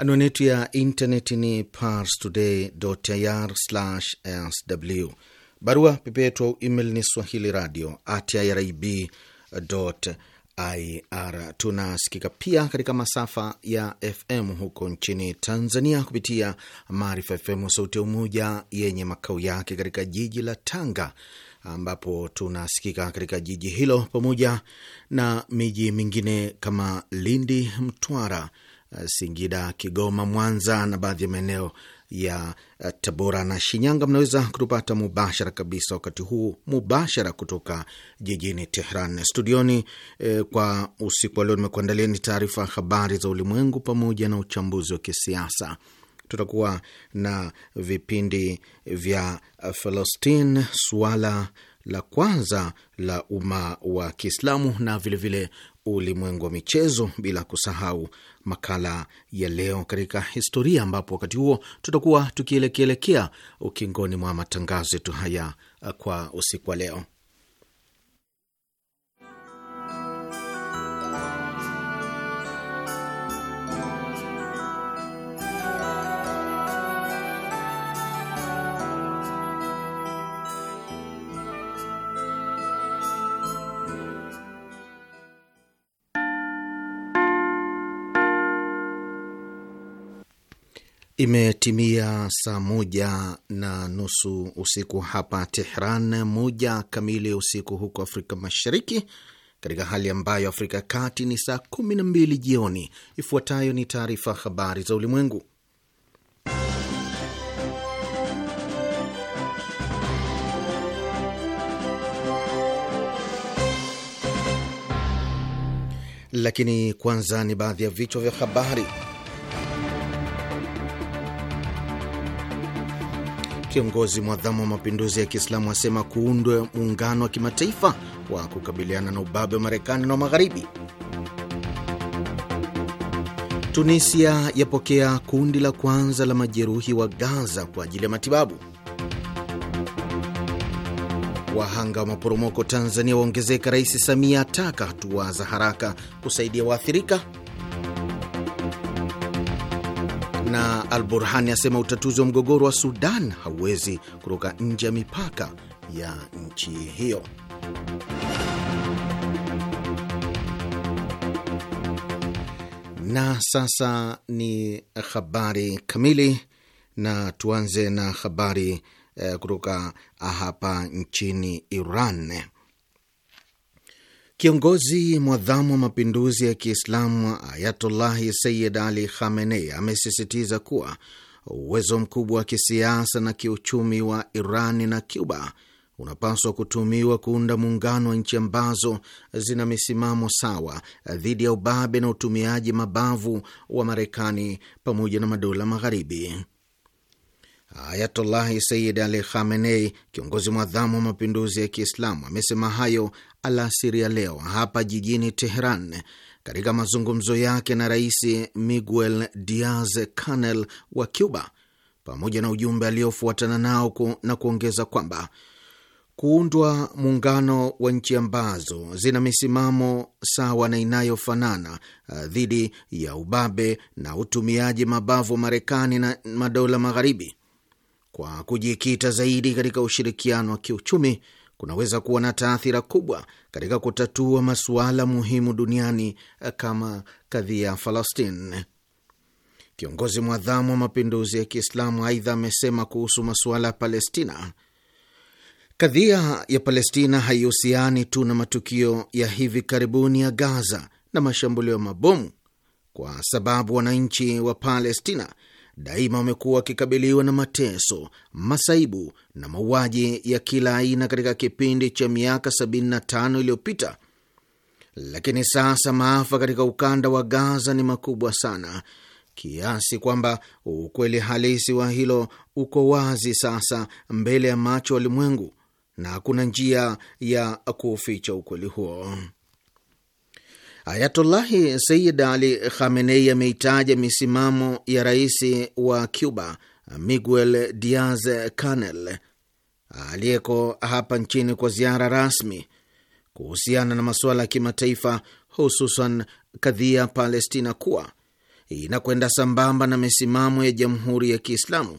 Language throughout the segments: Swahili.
Anwani yetu ya intaneti ni parstoday.ir/sw. Barua pepe yetu au email ni swahili radio at ir. Tunasikika pia katika masafa ya FM huko nchini Tanzania kupitia Maarifa FM Sauti ya Umoja yenye makao yake katika jiji la Tanga, ambapo tunasikika katika jiji hilo pamoja na miji mingine kama Lindi, Mtwara, Eh, Singida, Kigoma, Mwanza na baadhi ya maeneo ya eh, Tabora na Shinyanga. Mnaweza kutupata mubashara kabisa wakati huu, mubashara kutoka jijini Tehran studioni. E, kwa usiku wa leo ni taarifa ya habari za ulimwengu pamoja na uchambuzi wa kisiasa. Tutakuwa na vipindi vya Falastin, suala la kwanza la umma wa Kiislamu na vilevile ulimwengu wa michezo, bila kusahau makala ya leo katika historia, ambapo wakati huo tutakuwa tukielekeelekea ukingoni mwa matangazo yetu haya kwa usiku wa leo. Imetimia saa moja na nusu usiku hapa Tehran, moja kamili usiku huko Afrika Mashariki, katika hali ambayo Afrika ya Kati ni saa kumi na mbili jioni. Ifuatayo ni taarifa habari za ulimwengu, lakini kwanza ni baadhi ya vichwa vya habari. Kiongozi mwadhamu wa mapinduzi ya Kiislamu asema kuundwe muungano wa kimataifa wa kukabiliana na ubabe wa Marekani na Magharibi. Tunisia yapokea kundi la kwanza la majeruhi wa Gaza kwa ajili ya matibabu. Wahanga wa maporomoko Tanzania waongezeka. Rais Samia ataka hatua za haraka kusaidia waathirika na Al Burhani asema utatuzi wa mgogoro wa Sudan hauwezi kutoka nje ya mipaka ya nchi hiyo. Na sasa ni habari kamili, na tuanze na habari eh, kutoka hapa nchini Iran. Kiongozi mwadhamu wa mapinduzi ya Kiislamu Ayatullahi Sayyid Ali Khamenei amesisitiza kuwa uwezo mkubwa wa kisiasa na kiuchumi wa Irani na Cuba unapaswa kutumiwa kuunda muungano wa nchi ambazo zina misimamo sawa dhidi ya ubabe na utumiaji mabavu wa Marekani pamoja na madola magharibi. Ayatullahi Sayid Ali Khamenei, kiongozi mwadhamu wa mapinduzi ya Kiislamu, amesema hayo alasiri ya leo hapa jijini Teheran katika mazungumzo yake na Rais Miguel Diaz Canel wa Cuba, pamoja na ujumbe aliofuatana nao ku, na kuongeza kwamba kuundwa muungano wa nchi ambazo zina misimamo sawa na inayofanana uh, dhidi ya ubabe na utumiaji mabavu wa Marekani na madola magharibi kwa kujikita zaidi katika ushirikiano wa kiuchumi kunaweza kuwa na taathira kubwa katika kutatua masuala muhimu duniani kama kadhia ya Falastin. Kiongozi mwadhamu wa mapinduzi ya Kiislamu aidha amesema kuhusu masuala ya Palestina, kadhia ya Palestina haihusiani tu na matukio ya hivi karibuni ya Gaza na mashambulio ya mabomu, kwa sababu wananchi wa Palestina daima wamekuwa wakikabiliwa na mateso, masaibu na mauaji ya kila aina katika kipindi cha miaka 75 iliyopita, lakini sasa maafa katika ukanda wa Gaza ni makubwa sana kiasi kwamba ukweli halisi wa hilo uko wazi sasa mbele ya macho ya ulimwengu na hakuna njia ya kuficha ukweli huo. Ayatullahi Sayid Ali Khamenei ameitaja misimamo ya rais wa Cuba Miguel Diaz Canel aliyeko hapa nchini kwa ziara rasmi kuhusiana na masuala ya kimataifa, hususan kadhia Palestina kuwa inakwenda sambamba na misimamo ya Jamhuri ya Kiislamu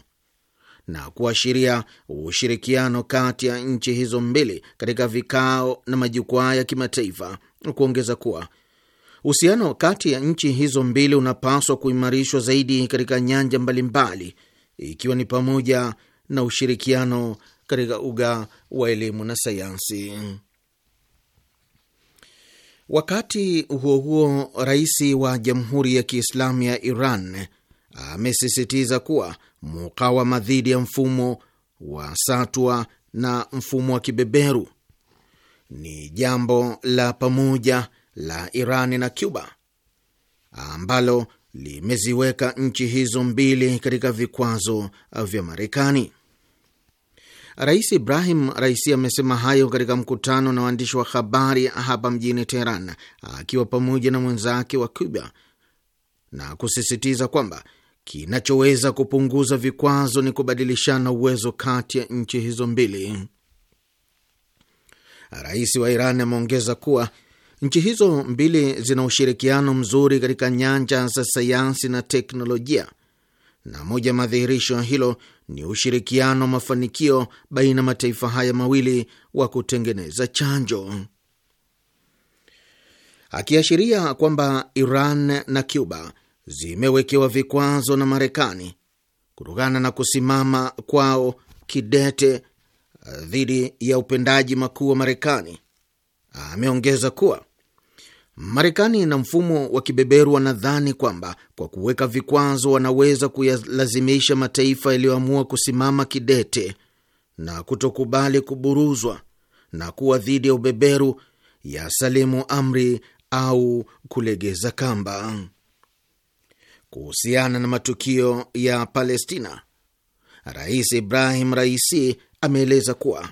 na kuashiria ushirikiano kati ya nchi hizo mbili katika vikao na majukwaa ya kimataifa, kuongeza kuwa Uhusiano kati ya nchi hizo mbili unapaswa kuimarishwa zaidi katika nyanja mbalimbali, ikiwa ni pamoja na ushirikiano katika uga wa elimu na sayansi. Wakati huo huo, rais wa Jamhuri ya Kiislamu ya Iran amesisitiza kuwa mukawama dhidi ya mfumo wa satwa na mfumo wa kibeberu ni jambo la pamoja la Iran na Cuba ambalo limeziweka nchi hizo mbili katika vikwazo vya Marekani. Rais Ibrahim Raisi amesema hayo katika mkutano na waandishi wa habari hapa mjini Teheran akiwa pamoja na mwenzake wa Cuba na kusisitiza kwamba kinachoweza kupunguza vikwazo ni kubadilishana uwezo kati ya nchi hizo mbili. Rais wa Iran ameongeza kuwa Nchi hizo mbili zina ushirikiano mzuri katika nyanja za sayansi na teknolojia, na moja madhihirisho ya hilo ni ushirikiano wa mafanikio baina mataifa haya mawili wa kutengeneza chanjo. Akiashiria kwamba Iran na Cuba zimewekewa vikwazo na Marekani kutokana na kusimama kwao kidete uh, dhidi ya upendaji makuu wa Marekani, ameongeza kuwa Marekani na mfumo wa kibeberu wanadhani kwamba kwa kuweka vikwazo wanaweza kuyalazimisha mataifa yaliyoamua kusimama kidete na kutokubali kuburuzwa na kuwa dhidi ya ubeberu ya salimu amri au kulegeza kamba. Kuhusiana na matukio ya Palestina, Rais Ibrahim Raisi ameeleza kuwa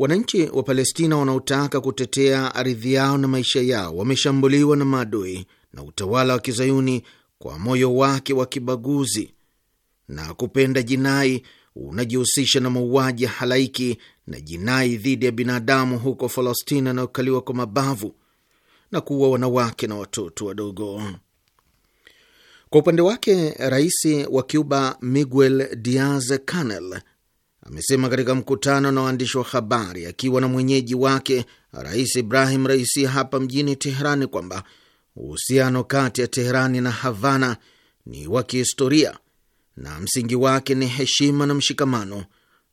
Wananchi wa Palestina wanaotaka kutetea ardhi yao na maisha yao wameshambuliwa na maadui na utawala wa kizayuni kwa moyo wake wa kibaguzi na kupenda jinai unajihusisha na mauaji ya halaiki na jinai dhidi ya binadamu huko Falastina anayokaliwa kwa mabavu na kuua wanawake na watoto wadogo. Kwa upande wake, rais wa Cuba Miguel Diaz Canel amesema katika mkutano na waandishi wa habari akiwa na mwenyeji wake Rais Ibrahim Raisi hapa mjini Teherani kwamba uhusiano kati ya Teherani na Havana ni wa kihistoria na msingi wake ni heshima na mshikamano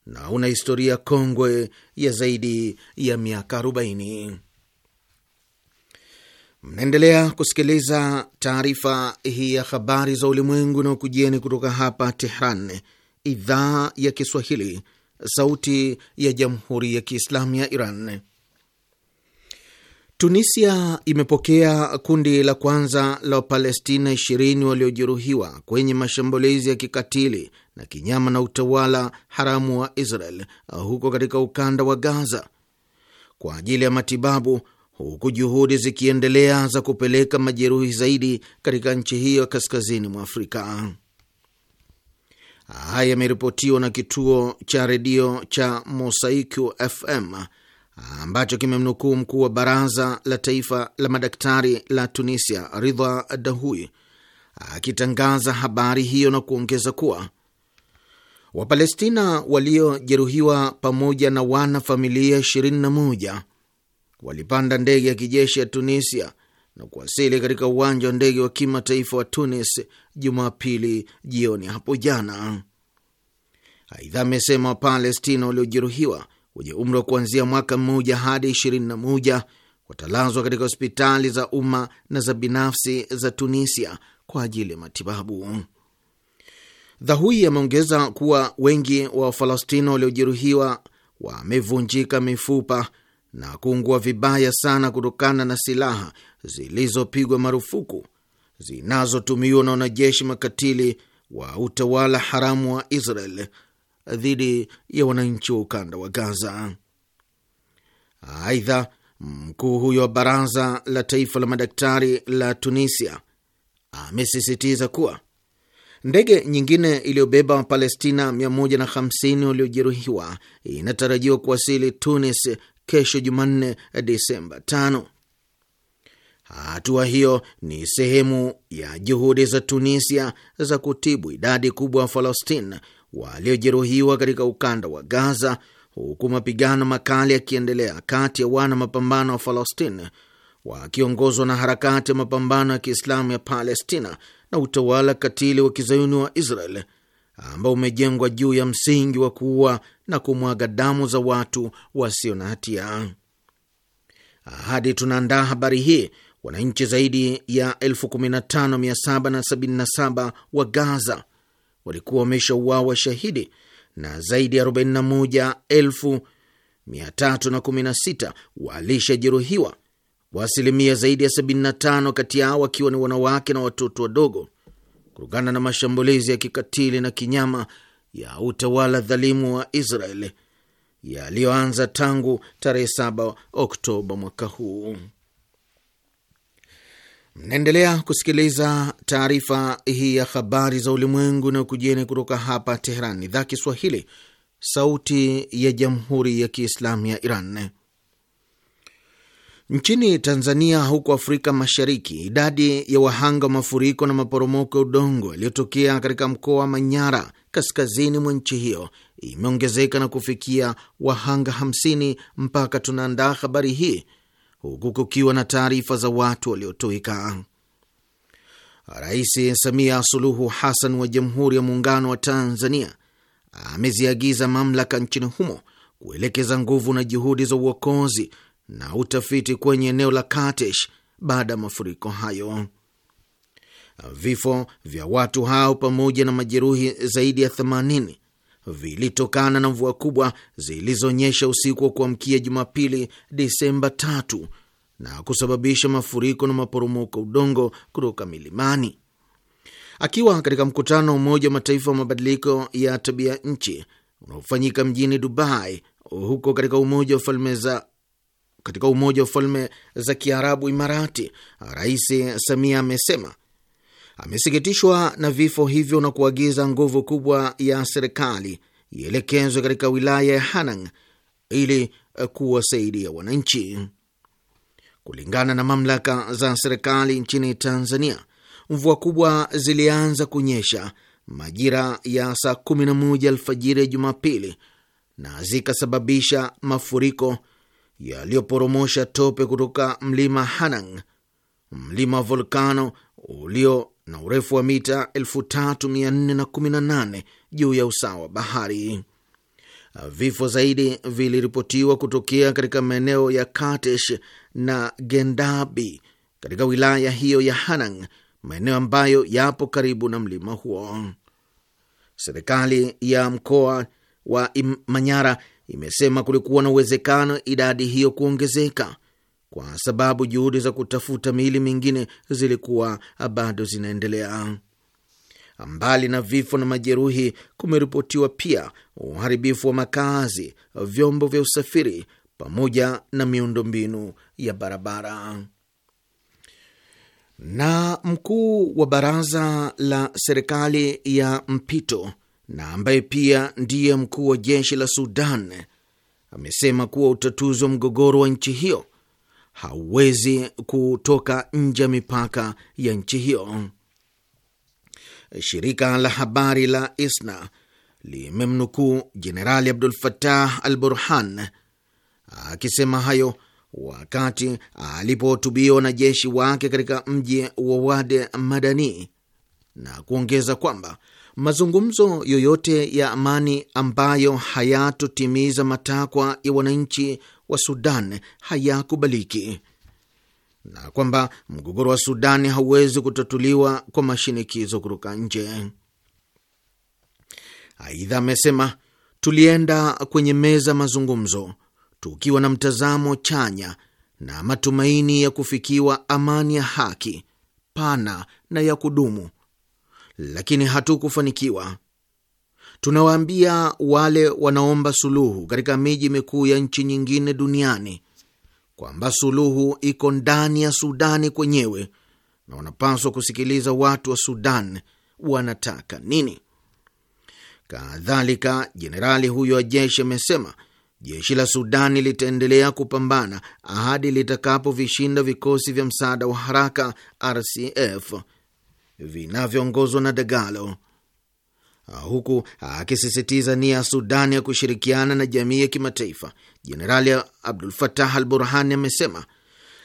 na una historia kongwe ya zaidi ya miaka 40. Mnaendelea kusikiliza taarifa hii ya habari za ulimwengu na ukujieni kutoka hapa Tehran, idhaa ya Kiswahili, sauti ya jamhuri ya kiislamu ya Iran. Tunisia imepokea kundi la kwanza la Wapalestina 20 waliojeruhiwa kwenye mashambulizi ya kikatili na kinyama na utawala haramu wa Israel huko katika ukanda wa Gaza kwa ajili ya matibabu, huku juhudi zikiendelea za kupeleka majeruhi zaidi katika nchi hiyo kaskazini mwa Afrika. Haya yameripotiwa na kituo cha redio cha Mosaiku FM ambacho kimemnukuu mkuu wa baraza la taifa la madaktari la Tunisia, Ridha Dahui, akitangaza habari hiyo na kuongeza kuwa Wapalestina waliojeruhiwa pamoja na wana familia 21 walipanda ndege ya kijeshi ya Tunisia na kuwasili katika uwanja wa ndege wa kimataifa wa Tunis Jumapili jioni hapo jana. Aidha amesema Wapalestina waliojeruhiwa wenye umri wa kuanzia mwaka mmoja hadi ishirini na moja watalazwa katika hospitali za umma na za binafsi za Tunisia kwa ajili ya matibabu. Dhahui ameongeza kuwa wengi wa Wafalastina waliojeruhiwa wamevunjika mifupa na kuungua vibaya sana kutokana na silaha zilizopigwa marufuku zinazotumiwa na wanajeshi makatili wa utawala haramu wa Israel dhidi ya wananchi wa ukanda wa Gaza. Aidha, mkuu huyo wa baraza la taifa la madaktari la Tunisia amesisitiza kuwa ndege nyingine iliyobeba Wapalestina 150 waliojeruhiwa inatarajiwa kuwasili Tunis kesho Jumanne, Disemba Hatua hiyo ni sehemu ya juhudi za Tunisia za kutibu idadi kubwa ya Falastin waliojeruhiwa katika ukanda wa Gaza, huku mapigano makali yakiendelea kati ya wana mapambano wa Falastin wakiongozwa na harakati ya mapambano ya Kiislamu ya Palestina na utawala katili wa kizayuni wa Israel ambao umejengwa juu ya msingi wa kuua na kumwaga damu za watu wasio na hatia. Hadi tunaandaa habari hii wananchi zaidi ya 15777 wa Gaza walikuwa wameshauawa shahidi na zaidi ya 41316 walishajeruhiwa, kwa asilimia zaidi ya 75 kati yao wakiwa ni wanawake na watoto wadogo, kutokana na mashambulizi ya kikatili na kinyama ya utawala dhalimu wa Israeli yaliyoanza tangu tarehe 7 Oktoba mwaka huu. Mnaendelea kusikiliza taarifa hii ya habari za ulimwengu na ukujeni kutoka hapa Teheran, idhaa Kiswahili, sauti ya jamhuri ya kiislamu ya Iran. Nchini Tanzania, huko Afrika Mashariki, idadi ya wahanga wa mafuriko na maporomoko ya udongo yaliyotokea katika mkoa wa Manyara, kaskazini mwa nchi hiyo, imeongezeka na kufikia wahanga 50 mpaka tunaandaa habari hii huku kukiwa na taarifa za watu waliotoweka. Rais Samia Suluhu Hassan wa Jamhuri ya Muungano wa Tanzania ameziagiza mamlaka nchini humo kuelekeza nguvu na juhudi za uokozi na utafiti kwenye eneo la Katesh baada ya mafuriko hayo. Vifo vya watu hao pamoja na majeruhi zaidi ya 80 vilitokana na mvua kubwa zilizonyesha usiku wa kuamkia Jumapili, Disemba tatu, na kusababisha mafuriko na maporomoko udongo kutoka milimani. Akiwa katika mkutano wa Umoja wa Mataifa wa mabadiliko ya tabia nchi unaofanyika mjini Dubai huko katika Umoja wa Falme za katika Umoja wa Falme za Kiarabu Imarati, Rais Samia amesema amesikitishwa na vifo hivyo na kuagiza nguvu kubwa ya serikali ielekezwe katika wilaya ya Hanang ili eh, kuwasaidia wananchi. Kulingana na mamlaka za serikali nchini Tanzania, mvua kubwa zilianza kunyesha majira ya saa 11 alfajiri ya Jumapili na zikasababisha mafuriko yaliyoporomosha tope kutoka mlima Hanang, mlima volkano ulio na urefu wa mita 3418 juu ya usawa wa bahari. Vifo zaidi viliripotiwa kutokea katika maeneo ya Katesh na Gendabi katika wilaya hiyo ya Hanang, maeneo ambayo yapo karibu na mlima huo. Serikali ya mkoa wa Manyara imesema kulikuwa na uwezekano idadi hiyo kuongezeka kwa sababu juhudi za kutafuta miili mingine zilikuwa bado zinaendelea. Mbali na vifo na majeruhi, kumeripotiwa pia uharibifu wa makazi, vyombo vya usafiri pamoja na miundombinu ya barabara. Na mkuu wa baraza la serikali ya mpito na ambaye pia ndiye mkuu wa jeshi la Sudan amesema kuwa utatuzi wa mgogoro wa nchi hiyo hauwezi kutoka nje ya mipaka ya nchi hiyo. Shirika la habari la ISNA limemnukuu Jenerali Abdul fatah al Burhan akisema hayo wakati alipohutubia wanajeshi wake katika mji wa Wade Madani na kuongeza kwamba mazungumzo yoyote ya amani ambayo hayatotimiza matakwa ya wananchi wa Sudan hayakubaliki na kwamba mgogoro wa Sudani hauwezi kutatuliwa kwa mashinikizo kutoka nje. Aidha amesema tulienda kwenye meza mazungumzo tukiwa na mtazamo chanya na matumaini ya kufikiwa amani ya haki pana na ya kudumu, lakini hatukufanikiwa tunawaambia wale wanaomba suluhu katika miji mikuu ya nchi nyingine duniani kwamba suluhu iko ndani ya Sudani kwenyewe na wanapaswa kusikiliza watu wa Sudan wanataka nini. Kadhalika, jenerali huyo wa jeshi amesema jeshi la Sudani litaendelea kupambana hadi litakapovishinda vikosi vya msaada wa haraka RCF vinavyoongozwa na Dagalo. Ah, huku akisisitiza nia ya Sudani ya kushirikiana na jamii ya kimataifa. Jenerali Abdul Fatah Al Burhani amesema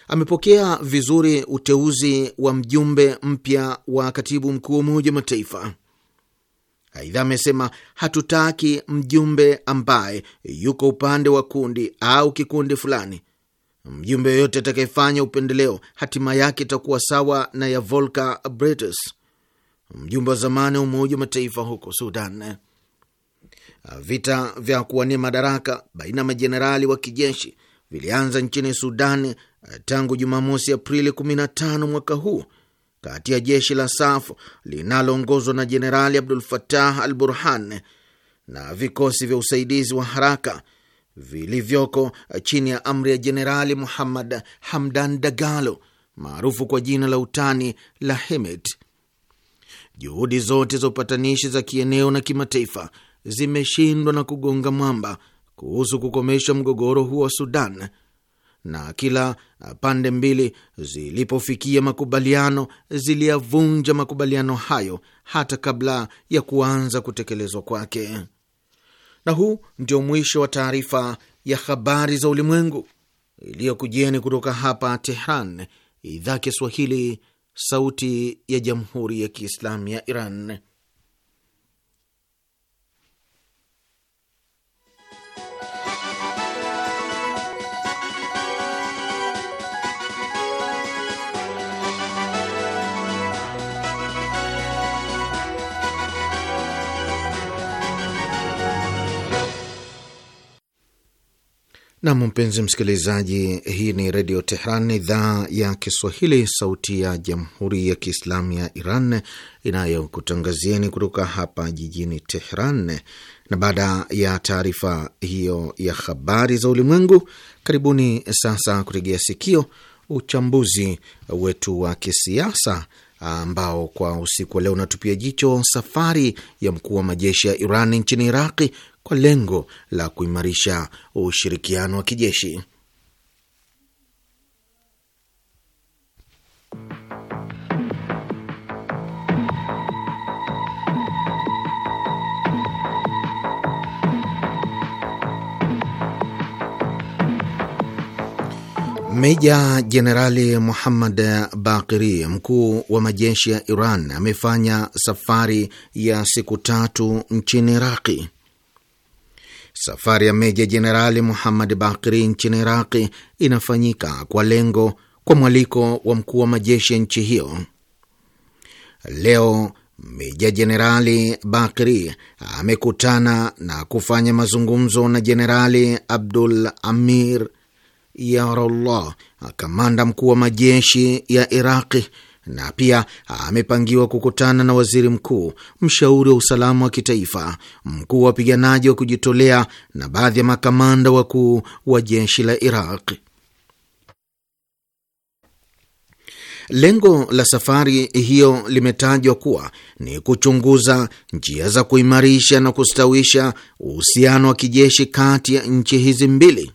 amepokea vizuri uteuzi wa mjumbe mpya wa katibu mkuu wa Umoja wa Mataifa. Aidha amesema hatutaki mjumbe ambaye yuko upande wa kundi au kikundi fulani. Mjumbe yoyote atakayefanya upendeleo, hatima yake itakuwa sawa na ya Volker brets mjumbe wa zamani wa Umoja wa Mataifa huko Sudan. Vita vya kuwania madaraka baina ya majenerali wa kijeshi vilianza nchini Sudan eh, tangu Jumamosi, Aprili 15 mwaka huu, kati ya jeshi la SAF linaloongozwa na Jenerali Abdul fatah al Burhan na vikosi vya usaidizi wa haraka vilivyoko eh, chini ya amri ya Jenerali Muhammad Hamdan Dagalo, maarufu kwa jina la utani la Hemit Juhudi zote za upatanishi za kieneo na kimataifa zimeshindwa na kugonga mwamba kuhusu kukomesha mgogoro huo wa Sudan, na kila pande mbili zilipofikia makubaliano ziliyavunja makubaliano hayo hata kabla ya kuanza kutekelezwa kwake. Na huu ndio mwisho wa taarifa ya habari za ulimwengu iliyokujeni kutoka hapa Tehran, idhaa Kiswahili, Sauti ya Jamhuri ya Kiislamu ya Iran. Nam, mpenzi msikilizaji, hii ni Redio Tehran, idhaa ya Kiswahili, sauti ya Jamhuri ya Kiislamu ya Iran inayokutangazieni kutoka hapa jijini Tehran. Na baada ya taarifa hiyo ya habari za ulimwengu, karibuni sasa kutegea sikio uchambuzi wetu wa kisiasa ambao kwa usiku wa leo unatupia jicho safari ya mkuu wa majeshi ya Iran nchini Iraqi kwa lengo la kuimarisha ushirikiano wa kijeshi. Meja Jenerali Muhammad Bakiri, mkuu wa majeshi ya Iran, amefanya safari ya siku tatu nchini Iraqi safari ya Meja Jenerali Muhammad Bakri nchini Iraqi inafanyika kwa lengo kwa mwaliko wa mkuu wa majeshi ya nchi hiyo. Leo Meja Jenerali Bakri amekutana na kufanya mazungumzo na Jenerali Abdul Amir Yarullah, kamanda mkuu wa majeshi ya Iraqi na pia amepangiwa kukutana na waziri mkuu, mshauri wa usalama wa kitaifa, mkuu wa wapiganaji wa kujitolea na baadhi ya makamanda wakuu wa jeshi la Iraq. Lengo la safari hiyo limetajwa kuwa ni kuchunguza njia za kuimarisha na kustawisha uhusiano wa kijeshi kati ya nchi hizi mbili.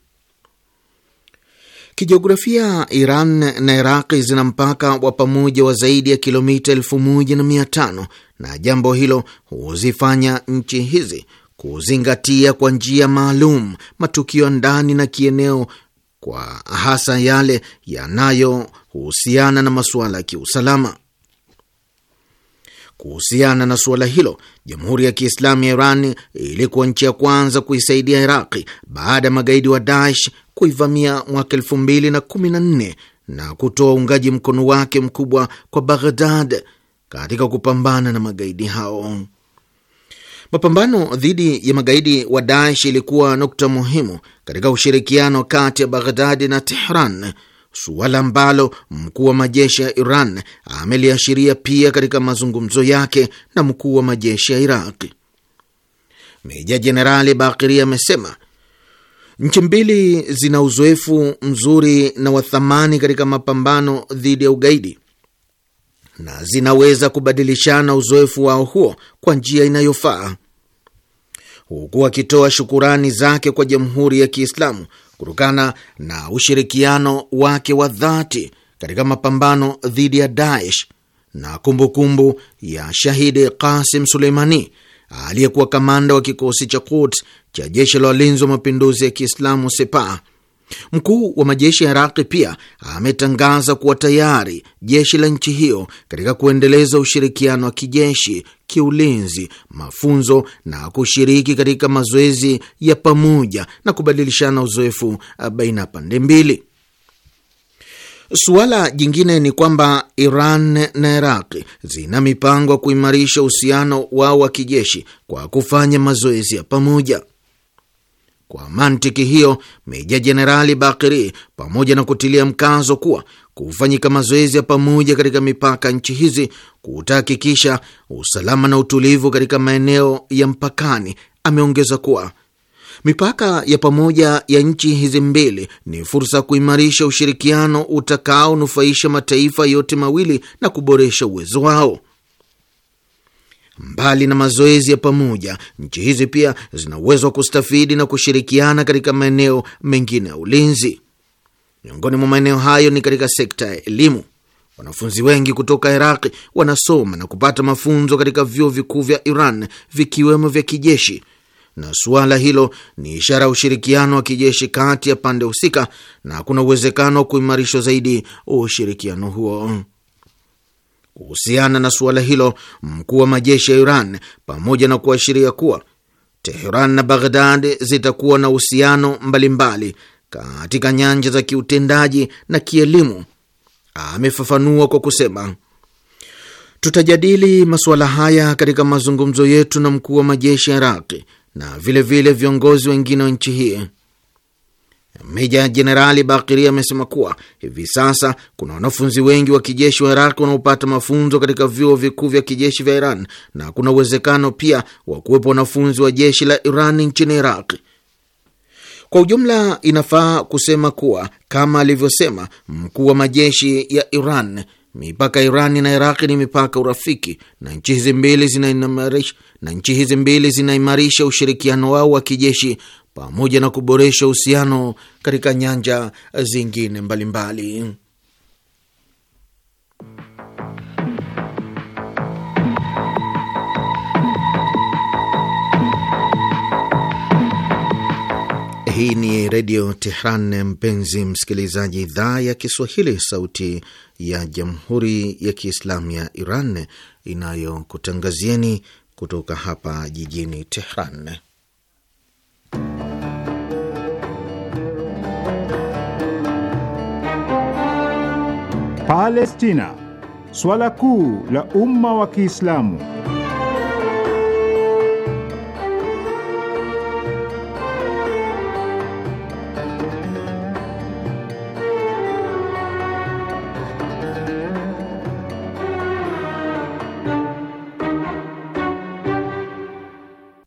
Kijiografia, Iran na Iraqi zina mpaka wa pamoja wa zaidi ya kilomita elfu moja na mia tano na jambo hilo huzifanya nchi hizi kuzingatia kwa njia maalum matukio ya ndani na kieneo, kwa hasa yale yanayohusiana na masuala ya kiusalama. Kuhusiana na suala hilo, Jamhuri ya Kiislamu ya Iran ilikuwa nchi ya kwanza kuisaidia Iraqi baada ya magaidi wa Daesh kuivamia mwaka elfu mbili na kumi na nne na kutoa uungaji mkono wake mkubwa kwa Baghdad katika kupambana na magaidi hao. Mapambano dhidi ya magaidi wa Daesh ilikuwa nukta muhimu katika ushirikiano kati ya Baghdadi na Tehran suala ambalo mkuu wa majeshi ya Iran ameliashiria pia katika mazungumzo yake na mkuu wa majeshi ya Iraqi. Meja Jenerali Bakiri amesema nchi mbili zina uzoefu mzuri na wa thamani katika mapambano dhidi ya ugaidi na zinaweza kubadilishana uzoefu wao huo kwa njia inayofaa, huku akitoa shukurani zake kwa Jamhuri ya Kiislamu kutokana na ushirikiano wake wa dhati katika mapambano dhidi ya Daesh na kumbukumbu kumbu ya shahidi Qasim Suleimani aliyekuwa kamanda wa kikosi cha Quds cha jeshi la walinzi wa mapinduzi ya Kiislamu Sepah Mkuu wa majeshi ya Iraqi pia ametangaza kuwa tayari jeshi la nchi hiyo katika kuendeleza ushirikiano wa kijeshi, kiulinzi, mafunzo na kushiriki katika mazoezi ya pamoja na kubadilishana uzoefu uh, baina ya pande mbili. Suala jingine ni kwamba Iran na Iraqi zina mipango ya kuimarisha uhusiano wao wa kijeshi kwa kufanya mazoezi ya pamoja. Kwa mantiki hiyo, Meja Jenerali Bakiri, pamoja na kutilia mkazo kuwa kufanyika mazoezi ya pamoja katika mipaka nchi hizi kutahakikisha usalama na utulivu katika maeneo ya mpakani, ameongeza kuwa mipaka ya pamoja ya nchi hizi mbili ni fursa ya kuimarisha ushirikiano utakaonufaisha mataifa yote mawili na kuboresha uwezo wao. Mbali na mazoezi ya pamoja, nchi hizi pia zina uwezo wa kustafidi na kushirikiana katika maeneo mengine ya ulinzi. Miongoni mwa maeneo hayo ni katika sekta ya elimu. Wanafunzi wengi kutoka Iraq wanasoma na kupata mafunzo katika vyuo vikuu vya Iran, vikiwemo vya kijeshi, na suala hilo ni ishara ya ushirikiano wa kijeshi kati ya pande husika, na kuna uwezekano wa kuimarishwa zaidi ushirikiano huo. Kuhusiana na suala hilo, mkuu wa majeshi ya Iran pamoja na kuashiria kuwa Teheran na Baghdad zitakuwa na uhusiano mbalimbali katika nyanja za kiutendaji na kielimu, amefafanua kwa kusema tutajadili masuala haya katika mazungumzo yetu na mkuu wa majeshi ya Iraqi na vilevile vile viongozi wengine wa nchi hii. Meja Jenerali Bakiri amesema kuwa hivi sasa kuna wanafunzi wengi wa kijeshi wa Iraq wanaopata mafunzo katika vyuo vikuu vya kijeshi vya Iran na kuna uwezekano pia wa kuwepo wanafunzi wa jeshi la Iran nchini Iraq. Kwa ujumla, inafaa kusema kuwa kama alivyosema mkuu wa majeshi ya Iran, mipaka ya Iran na Iraq ni mipaka urafiki, na nchi hizi mbili zinaimarisha na nchi hizi mbili zinaimarisha ushirikiano wao wa kijeshi pamoja na kuboresha uhusiano katika nyanja zingine mbalimbali mbali. Hii ni Redio Tehran, mpenzi msikilizaji, idhaa ya Kiswahili, sauti ya Jamhuri ya Kiislamu ya Iran inayokutangazieni kutoka hapa jijini Tehran. Palestina, swala kuu la umma wa Kiislamu.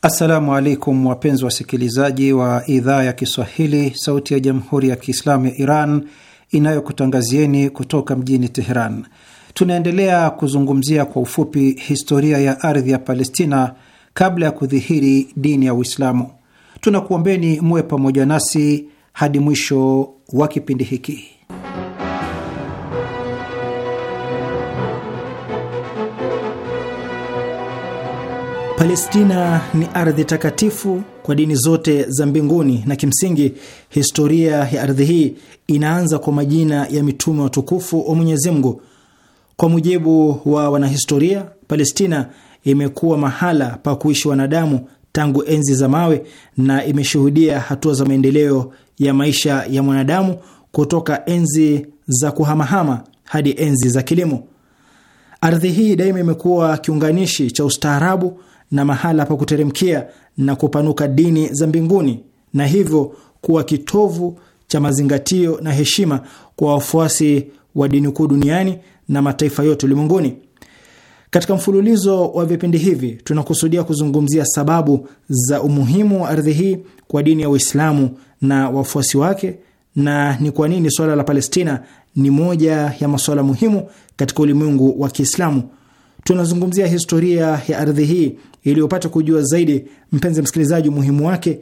Assalamu alaikum wapenzi wasikilizaji wa idhaa ya Kiswahili, sauti ya jamhuri ya Kiislamu ya Iran inayokutangazieni kutoka mjini Teheran. Tunaendelea kuzungumzia kwa ufupi historia ya ardhi ya Palestina kabla ya kudhihiri dini ya Uislamu. Tunakuombeni muwe pamoja nasi hadi mwisho wa kipindi hiki. Palestina ni ardhi takatifu kwa dini zote za mbinguni, na kimsingi historia ya ardhi hii inaanza kwa majina ya mitume watukufu wa Mwenyezi Mungu. Kwa mujibu wa wanahistoria, Palestina imekuwa mahala pa kuishi wanadamu tangu enzi za mawe na imeshuhudia hatua za maendeleo ya maisha ya mwanadamu kutoka enzi za kuhamahama hadi enzi za kilimo. Ardhi hii daima imekuwa kiunganishi cha ustaarabu na mahala pa kuteremkia na kupanuka dini za mbinguni na hivyo kuwa kitovu cha mazingatio na heshima kwa wafuasi wa dini kuu duniani na mataifa yote ulimwenguni. Katika mfululizo wa vipindi hivi tunakusudia kuzungumzia sababu za umuhimu wa ardhi hii kwa dini ya Uislamu na wafuasi wake na ni kwa nini suala la Palestina ni moja ya masuala muhimu katika ulimwengu wa Kiislamu. Tunazungumzia historia ya ardhi hii ili upate kujua zaidi, mpenzi msikilizaji, umuhimu wake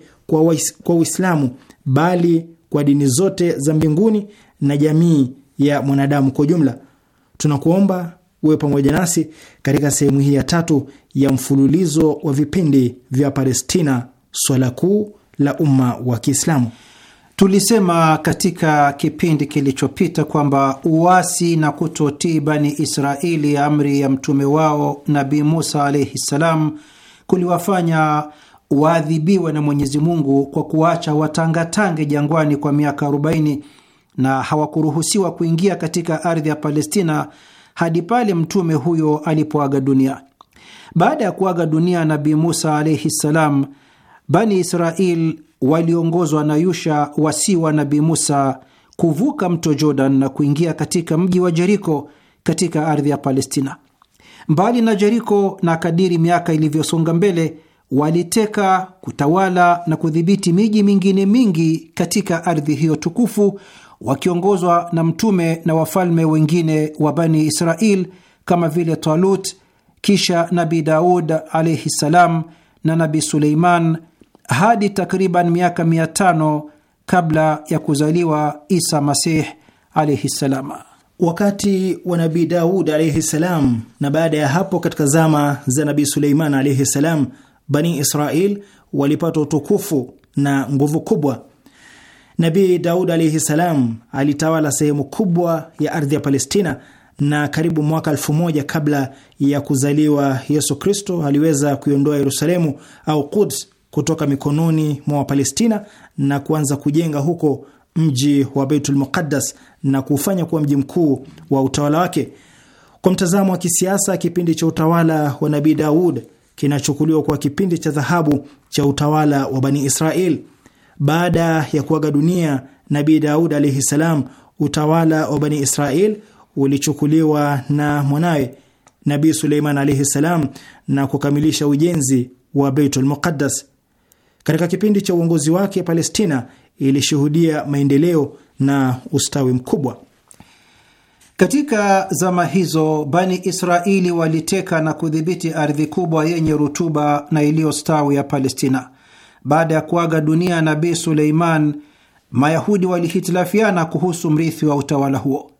kwa Uislamu bali kwa dini zote za mbinguni na jamii ya mwanadamu kwa ujumla. Tunakuomba uwe pamoja nasi katika sehemu hii ya tatu ya mfululizo wa vipindi vya Palestina, swala kuu la umma wa Kiislamu. Tulisema katika kipindi kilichopita kwamba uwasi na kutotii Bani Israeli amri ya mtume wao Nabii Musa alaihi ssalam kuliwafanya waadhibiwe na Mwenyezi Mungu kwa kuwacha watangatange jangwani kwa miaka 40 na hawakuruhusiwa kuingia katika ardhi ya Palestina hadi pale mtume huyo alipoaga dunia. Baada ya kuaga dunia Nabii Musa alaihi ssalam, Bani Israel waliongozwa na Yusha wasiwa Nabii Musa kuvuka mto Jordan na kuingia katika mji wa Jeriko katika ardhi ya Palestina. Mbali na Jeriko na kadiri miaka ilivyosonga mbele, waliteka, kutawala na kudhibiti miji mingine mingi katika ardhi hiyo tukufu, wakiongozwa na mtume na wafalme wengine wa Bani Israel kama vile Talut, kisha Nabi Daud alaihi ssalam na Nabi Suleiman hadi takriban miaka mia tano kabla ya kuzaliwa Isa Masih alaihi ssalam, wakati wa Nabii Daud alaihi ssalam. Na baada ya hapo katika zama za Nabii Suleiman alaihi ssalam, Bani Israil walipata utukufu na nguvu kubwa. Nabii Daud alaihi ssalam alitawala sehemu kubwa ya ardhi ya Palestina na karibu mwaka elfu moja kabla ya kuzaliwa Yesu Kristo aliweza kuiondoa Yerusalemu au Quds kutoka mikononi mwa Wapalestina na kuanza kujenga huko mji wa Beitul Muqaddas na kuufanya kuwa mji mkuu wa utawala wake. Kwa mtazamo wa kisiasa, kipindi cha utawala wa Nabii Daud kinachukuliwa kuwa kipindi cha dhahabu cha utawala wa Bani Israel. Baada ya kuaga dunia Nabii Daud alaihi salam, utawala wa Bani Israel ulichukuliwa na mwanawe Nabii Suleiman alaihi salam na kukamilisha ujenzi wa Beitul Muqaddas. Katika kipindi cha uongozi wake, Palestina ilishuhudia maendeleo na ustawi mkubwa. Katika zama hizo, Bani Israeli waliteka na kudhibiti ardhi kubwa yenye rutuba na iliyostawi ya Palestina. Baada ya kuaga dunia Nabii Suleiman, Mayahudi walihitilafiana kuhusu mrithi wa utawala huo.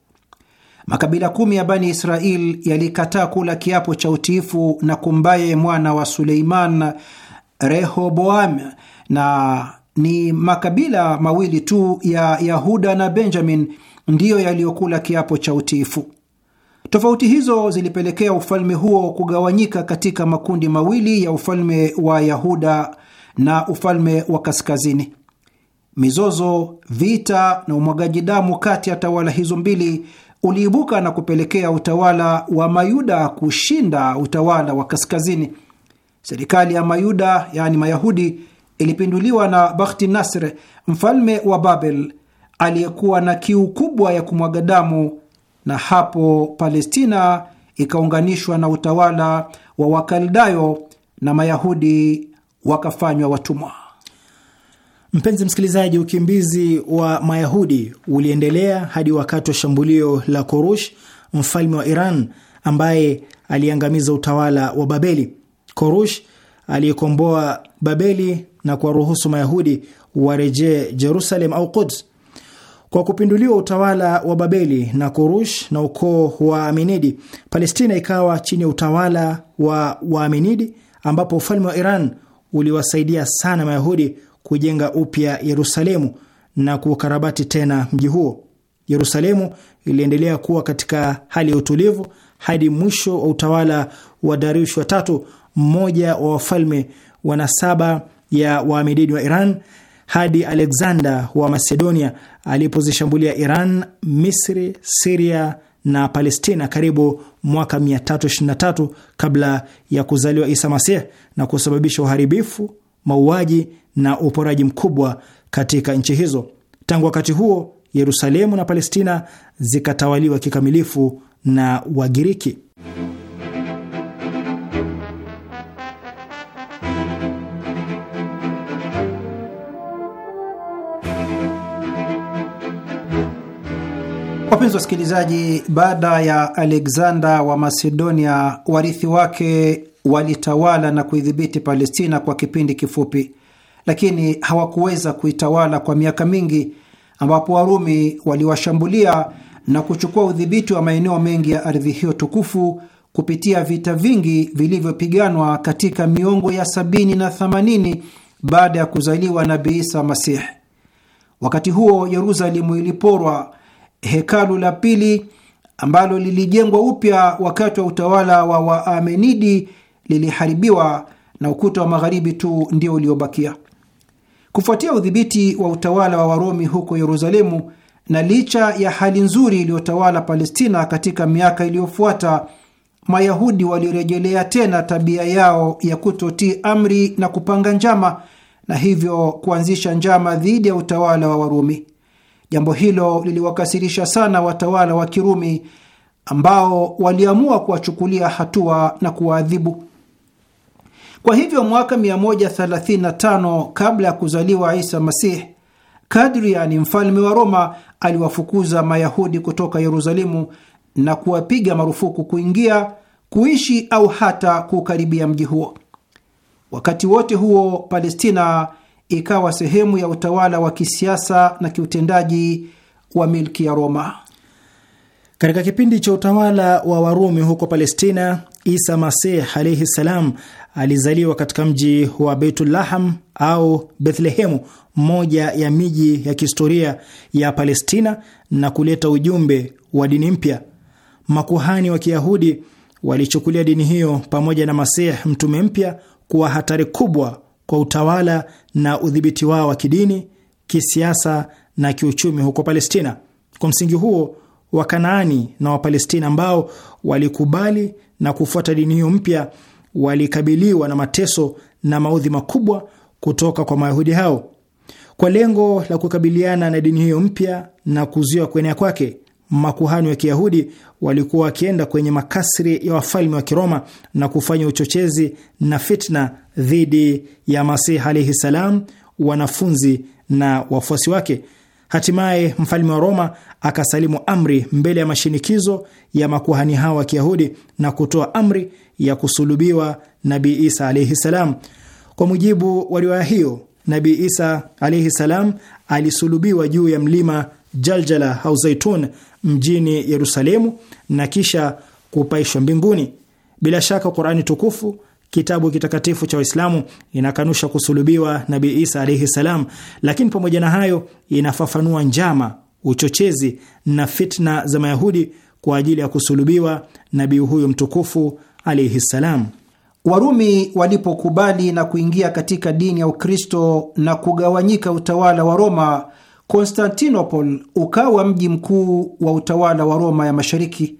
Makabila kumi ya Bani Israel yalikataa kula kiapo cha utiifu na kumbaye mwana wa Suleiman Rehoboam na ni makabila mawili tu ya Yahuda na Benjamin ndiyo yaliyokula kiapo cha utiifu. Tofauti hizo zilipelekea ufalme huo kugawanyika katika makundi mawili ya ufalme wa Yahuda na ufalme wa kaskazini. Mizozo, vita na umwagaji damu kati ya tawala hizo mbili uliibuka na kupelekea utawala wa Mayuda kushinda utawala wa kaskazini. Serikali ya Mayuda, yaani Mayahudi, ilipinduliwa na Bakhti Nasr, mfalme wa Babel, aliyekuwa na kiu kubwa ya kumwaga damu, na hapo Palestina ikaunganishwa na utawala wa Wakaldayo na Mayahudi wakafanywa watumwa. Mpenzi msikilizaji, ukimbizi wa Mayahudi uliendelea hadi wakati wa shambulio la Korush, mfalme wa Iran, ambaye aliangamiza utawala wa Babeli. Korush aliyekomboa Babeli na kuwaruhusu Mayahudi warejee Jerusalem au Quds. Kwa kupinduliwa utawala wa Babeli na Kurush na ukoo wa Aminidi, Palestina ikawa chini ya utawala wa Waaminidi, ambapo ufalme wa Iran uliwasaidia sana Mayahudi kujenga upya Yerusalemu na kuukarabati tena mji huo. Yerusalemu iliendelea kuwa katika hali ya utulivu hadi mwisho wa utawala wa Dariush watatu mmoja wa wafalme wa nasaba ya Waamidini wa Iran hadi Alexander wa Macedonia alipozishambulia Iran, Misri, Siria na Palestina karibu mwaka 323 kabla ya kuzaliwa Isa Masih na kusababisha uharibifu, mauaji na uporaji mkubwa katika nchi hizo. Tangu wakati huo, Yerusalemu na Palestina zikatawaliwa kikamilifu na Wagiriki. Wapenzi wasikilizaji, baada ya Alexander wa Macedonia, warithi wake walitawala na kuidhibiti Palestina kwa kipindi kifupi, lakini hawakuweza kuitawala kwa miaka mingi, ambapo Warumi waliwashambulia na kuchukua udhibiti wa maeneo mengi ya ardhi hiyo tukufu kupitia vita vingi vilivyopiganwa katika miongo ya sabini na themanini baada ya kuzaliwa Nabii Isa Masihi. Wakati huo Yerusalemu iliporwa hekalu la pili ambalo lilijengwa upya wakati wa utawala wa Waamenidi liliharibiwa na ukuta wa magharibi tu ndio uliobakia. Kufuatia udhibiti wa utawala wa Waromi huko Yerusalemu, na licha ya hali nzuri iliyotawala Palestina katika miaka iliyofuata, Mayahudi walirejelea tena tabia yao ya kutotii amri na kupanga njama, na hivyo kuanzisha njama dhidi ya utawala wa Warumi. Jambo hilo liliwakasirisha sana watawala wa Kirumi ambao waliamua kuwachukulia hatua na kuwaadhibu. Kwa hivyo mwaka 135 kabla ya kuzaliwa Isa Masih, Kadriani mfalme wa Roma aliwafukuza Mayahudi kutoka Yerusalemu na kuwapiga marufuku kuingia, kuishi au hata kuukaribia mji huo. Wakati wote huo Palestina ikawa sehemu ya utawala wa kisiasa na kiutendaji wa milki ya Roma. Katika kipindi cha utawala wa Warumi huko Palestina, Isa Masih alaihi ssalam alizaliwa katika mji wa Beitulaham au Bethlehemu, moja ya miji ya kihistoria ya Palestina, na kuleta ujumbe wa dini mpya. Makuhani wa Kiyahudi walichukulia dini hiyo pamoja na Masih mtume mpya kuwa hatari kubwa kwa utawala na udhibiti wao wa kidini, kisiasa na kiuchumi huko Palestina. Kwa msingi huo, Wakanaani na Wapalestina ambao walikubali na kufuata dini hiyo mpya walikabiliwa na mateso na maudhi makubwa kutoka kwa Mayahudi hao. Kwa lengo la kukabiliana na dini hiyo mpya na kuzuia kuenea kwake, makuhani wa Kiyahudi walikuwa wakienda kwenye makasri ya wafalme wa Kiroma na kufanya uchochezi na fitna dhidi ya Masih alaihi salam, wanafunzi na wafuasi wake. Hatimaye mfalme wa Roma akasalimu amri mbele ya mashinikizo ya makuhani hao wa Kiyahudi na kutoa amri ya kusulubiwa Nabii Isa alaihi salam. Kwa mujibu wa riwaya hiyo, Nabii Isa alaihi salam alisulubiwa juu ya mlima Jaljala au Zaitun mjini Yerusalemu na kisha kupaishwa mbinguni. Bila shaka Qurani tukufu kitabu kitakatifu cha Waislamu inakanusha kusulubiwa Nabii Isa alaihi salam, lakini pamoja na hayo inafafanua njama, uchochezi na fitna za Mayahudi kwa ajili ya kusulubiwa nabii huyo mtukufu alaihi salam. Warumi walipokubali na kuingia katika dini ya Ukristo na kugawanyika utawala wa Roma Konstantinopol ukawa mji mkuu wa utawala wa Roma ya Mashariki,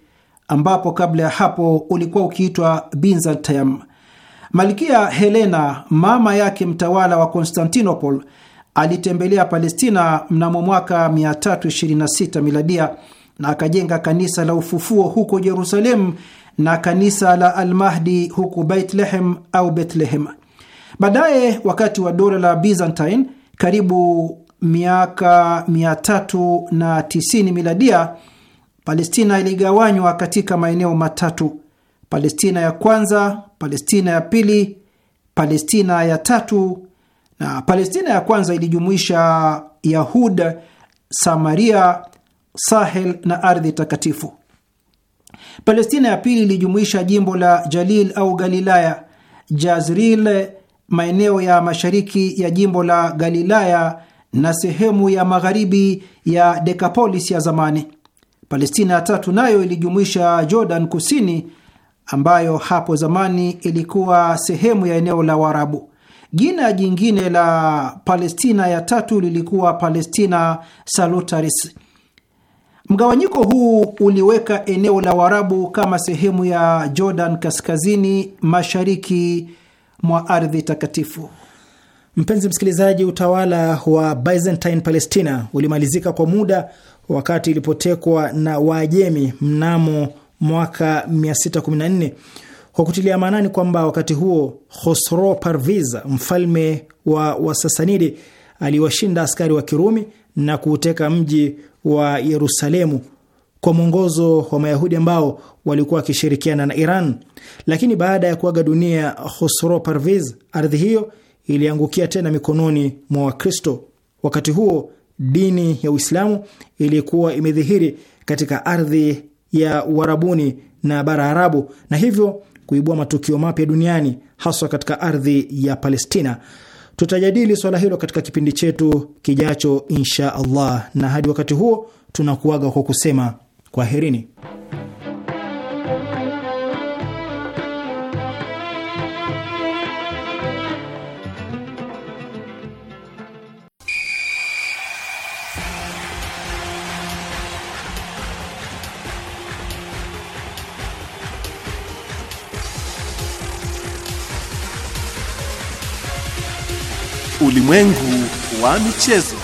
ambapo kabla ya hapo ulikuwa ukiitwa Byzantium. Malkia Helena, mama yake mtawala wa Konstantinopol, alitembelea Palestina mnamo mwaka 326 miladia na akajenga kanisa la ufufuo huko Jerusalemu na kanisa la Almahdi huko Bethlehem au Bethlehem. Baadaye, wakati wa dola la Byzantine, karibu miaka 390 miladia, Palestina iligawanywa katika maeneo matatu: Palestina ya kwanza, Palestina ya pili, Palestina ya tatu. Na Palestina ya kwanza ilijumuisha yahud Samaria, Sahel na ardhi takatifu. Palestina ya pili ilijumuisha jimbo la Jalil au Galilaya, Jazril, maeneo ya mashariki ya jimbo la Galilaya na sehemu ya magharibi ya Decapolis ya zamani. Palestina ya tatu nayo ilijumuisha Jordan Kusini, ambayo hapo zamani ilikuwa sehemu ya eneo la Waarabu. Jina jingine la Palestina ya tatu lilikuwa Palestina Salutaris. Mgawanyiko huu uliweka eneo la Waarabu kama sehemu ya Jordan kaskazini mashariki mwa ardhi takatifu. Mpenzi msikilizaji, utawala wa Byzantine Palestina ulimalizika kwa muda wakati ilipotekwa na Waajemi mnamo mwaka 614 kwa kutilia maanani kwamba wakati huo Khosro Parviz, mfalme wa Wasasanidi, aliwashinda askari wa Kirumi na kuuteka mji wa Yerusalemu kwa mwongozo wa Mayahudi ambao walikuwa wakishirikiana na Iran. Lakini baada ya kuaga dunia Khosro Parviz, ardhi hiyo iliangukia tena mikononi mwa Wakristo. Wakati huo dini ya Uislamu ilikuwa imedhihiri katika ardhi ya Uarabuni na bara Arabu na hivyo kuibua matukio mapya duniani haswa katika ardhi ya Palestina. Tutajadili swala hilo katika kipindi chetu kijacho, insha Allah, na hadi wakati huo tunakuaga kwa kusema kwaherini. Ulimwengu wa michezo.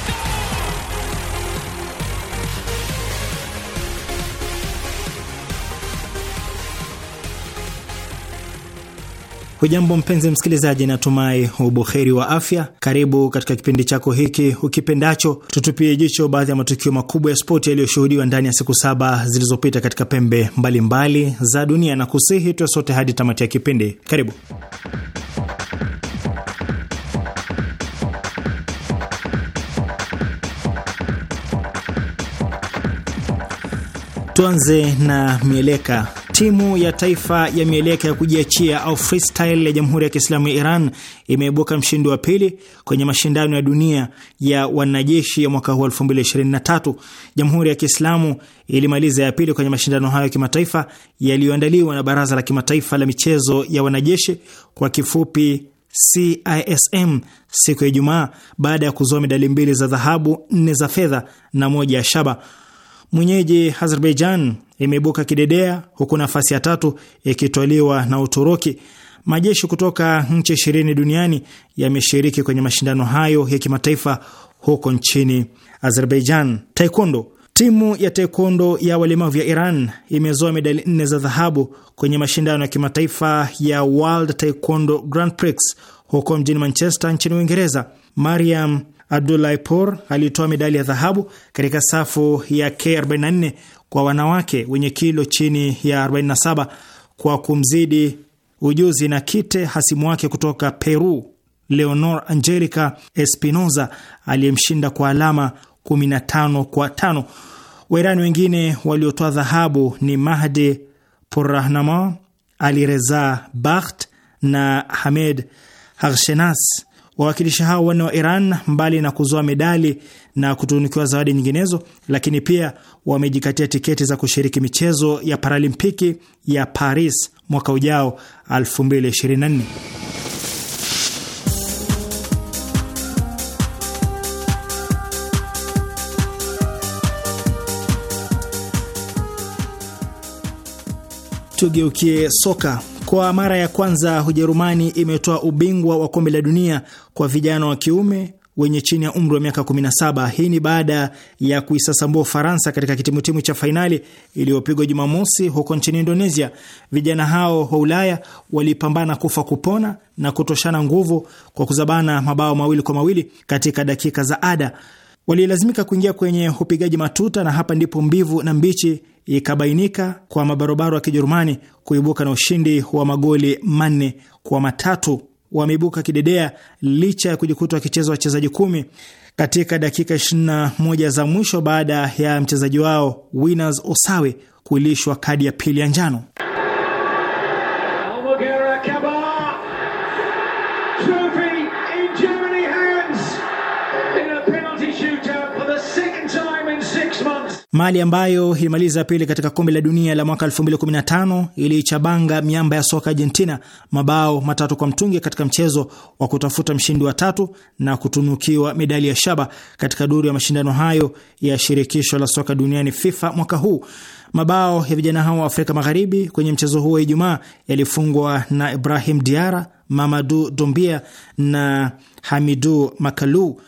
Hujambo mpenzi msikilizaji, natumai ubuheri wa afya. Karibu katika kipindi chako hiki ukipendacho, tutupie jicho baadhi ya matukio makubwa ya spoti yaliyoshuhudiwa ndani ya siku saba zilizopita katika pembe mbalimbali mbali za dunia, na kusihi tuwe sote hadi tamati ya kipindi. Karibu. Tuanze na mieleka. Timu ya taifa ya mieleka ya kujiachia au freestyle ya Jamhuri ya Kiislamu ya Iran imeibuka mshindi wa pili kwenye mashindano ya dunia ya wanajeshi ya mwaka huu 2023. Jamhuri ya Kiislamu ilimaliza ya pili kwenye mashindano hayo ya kimataifa yaliyoandaliwa na Baraza la Kimataifa la Michezo ya Wanajeshi, kwa kifupi CISM siku ya Ijumaa baada ya kuzoa medali mbili za dhahabu, nne za fedha na moja ya shaba mwenyeji Azerbaijan imeibuka kidedea, huku nafasi ya tatu ikitwaliwa na Uturuki. Majeshi kutoka nchi ishirini duniani yameshiriki kwenye mashindano hayo ya kimataifa huko nchini Azerbaijan. Taekwondo. Timu ya taekwondo ya walemavu ya Iran imezoa medali nne za dhahabu kwenye mashindano ya kimataifa ya World Taekwondo Grand Prix huko mjini Manchester nchini Uingereza. Mariam abdullahi Por alitoa medali ya dhahabu katika safu ya K44 kwa wanawake wenye kilo chini ya 47 kwa kumzidi ujuzi na kite hasimu wake kutoka Peru Leonor Angelica Espinoza aliyemshinda kwa alama 15 kwa tano. Wairani wengine waliotoa dhahabu ni Mahdi Porrahnama, Alireza Bakht na Hamed harshenas Wawakilishi hao wanne wa Iran, mbali na kuzoa medali na kutunukiwa zawadi nyinginezo, lakini pia wamejikatia tiketi za kushiriki michezo ya Paralimpiki ya Paris mwaka ujao 2024. Tugeukie soka. Kwa mara ya kwanza Ujerumani imetoa ubingwa wa kombe la dunia kwa vijana wa kiume wenye chini ya umri wa miaka 17. Hii ni baada ya kuisasambua Ufaransa katika kitimutimu cha fainali iliyopigwa Jumamosi huko nchini Indonesia. Vijana hao wa Ulaya walipambana kufa kupona na kutoshana nguvu kwa kuzabana mabao mawili kwa mawili katika dakika za ada. Walilazimika kuingia kwenye upigaji matuta, na hapa ndipo mbivu na mbichi ikabainika kwa mabarobaro ya Kijerumani kuibuka na ushindi wa magoli manne kwa matatu wameibuka kidedea licha ya kujikuta wakicheza wachezaji kumi katika dakika 21 za mwisho baada ya mchezaji wao Winners Osawe kuilishwa kadi ya pili ya njano. Mali ambayo ilimaliza pili katika kombe la dunia la mwaka 2015 iliichabanga miamba ya soka Argentina mabao matatu kwa mtungi katika mchezo wa kutafuta mshindi wa tatu na kutunukiwa medali ya shaba katika duru ya mashindano hayo ya shirikisho la soka duniani FIFA mwaka huu. Mabao ya vijana hao wa Afrika Magharibi kwenye mchezo huo Ijumaa yalifungwa na Ibrahim Diara, Mamadu Dombia na Hamidu Makalu.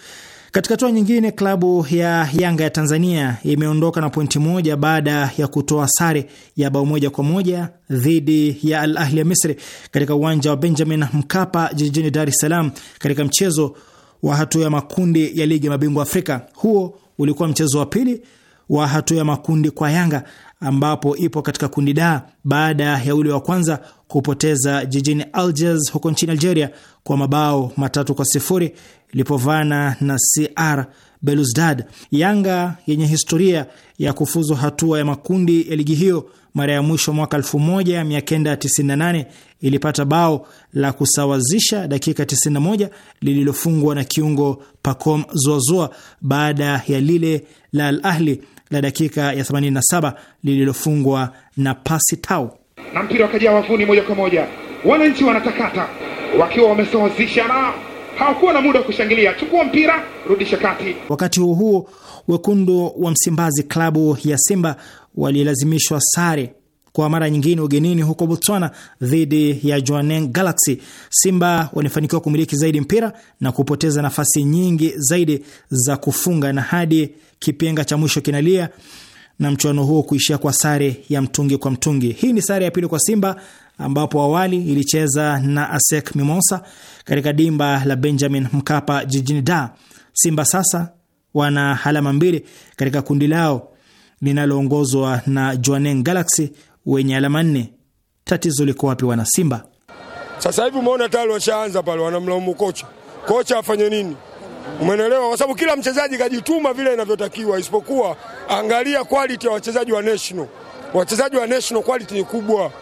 Katika hatua nyingine, klabu ya Yanga ya Tanzania imeondoka na pointi moja baada ya kutoa sare ya bao moja kwa moja dhidi ya Al Ahli ya Misri katika uwanja wa Benjamin Mkapa jijini Dar es Salaam katika mchezo wa hatua ya makundi ya ligi ya mabingwa Afrika. Huo ulikuwa mchezo wa pili wa hatua ya makundi kwa Yanga ambapo ipo katika kundi da baada ya ule wa kwanza kupoteza jijini Algiers huko nchini Algeria kwa mabao matatu kwa sifuri ilipovana na CR Belouizdad. Yanga yenye historia ya kufuzu hatua ya makundi ya ligi hiyo mara ya mwisho mwaka 1998 ilipata bao la kusawazisha dakika 91 lililofungwa na kiungo Pacom Zuazua baada ya lile la Al Ahli la dakika ya 87 lililofungwa na pasi tau, na mpira wakajaa wavuni moja kwa moja. Wananchi wanatakata wakiwa wamesawazisha na hawakuwa na muda wa kushangilia. Chukua mpira, rudisha kati. Wakati huo huo, wekundu wa Msimbazi klabu ya Simba walilazimishwa sare kwa mara nyingine ugenini huko Botswana dhidi ya Joaneng Galaxy. Simba walifanikiwa kumiliki zaidi mpira na kupoteza nafasi nyingi zaidi za kufunga na hadi kipenga cha mwisho kinalia na mchuano huo kuishia kwa sare ya mtungi kwa mtungi. Hii ni sare ya pili kwa Simba ambapo awali ilicheza na ASEC Mimosa katika dimba la Benjamin Mkapa jijini Dar. Simba sasa wana alama mbili katika kundi lao linaloongozwa na Jwaneng Galaxy wenye alama nne. Tatizo liko wapi wana Simba? Sasa hivi umeona tayari washaanza pale, wanamlaumu kocha. Kocha afanye nini? Umeelewa? Kwa sababu kila mchezaji kajituma vile inavyotakiwa, isipokuwa angalia quality ya wachezaji wa national. Wachezaji wa national quality ni kubwa.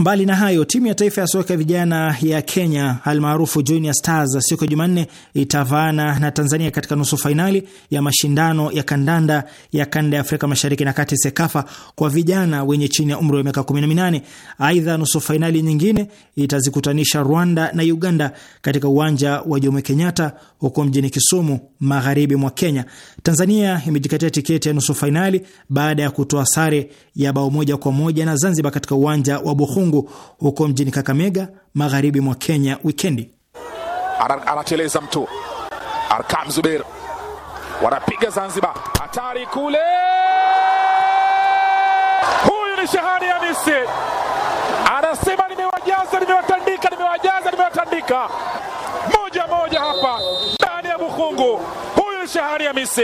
Mbali na hayo, timu ya taifa ya soka vijana ya Kenya almaarufu Junior Stars siku ya Jumanne itavaana na Tanzania katika nusu fainali ya mashindano ya kandanda ya kanda ya Afrika Mashariki na Kati, SEKAFA, kwa vijana wenye chini ya umri wa miaka 18. Aidha, nusu fainali nyingine itazikutanisha Rwanda na Uganda katika uwanja wa Jomo Kenyatta huko mjini Kisumu, magharibi mwa Kenya. Tanzania imejikatia tiketi ya nusu fainali baada ya kutoa sare ya bao moja kwa moja na Zanzibar katika uwanja wa Buhungu Mungu huko mjini Kakamega, magharibi mwa Kenya wikendi. Anateleza mtu Arkam Zuber, wanapiga Zanzibar, hatari kule. Huyu ni Shahani Hamisi anasema nimewajaza, nimewatandika, nimewajaza, nimewatandika, moja moja hapa ndani ya Bukhungu ya Hamisi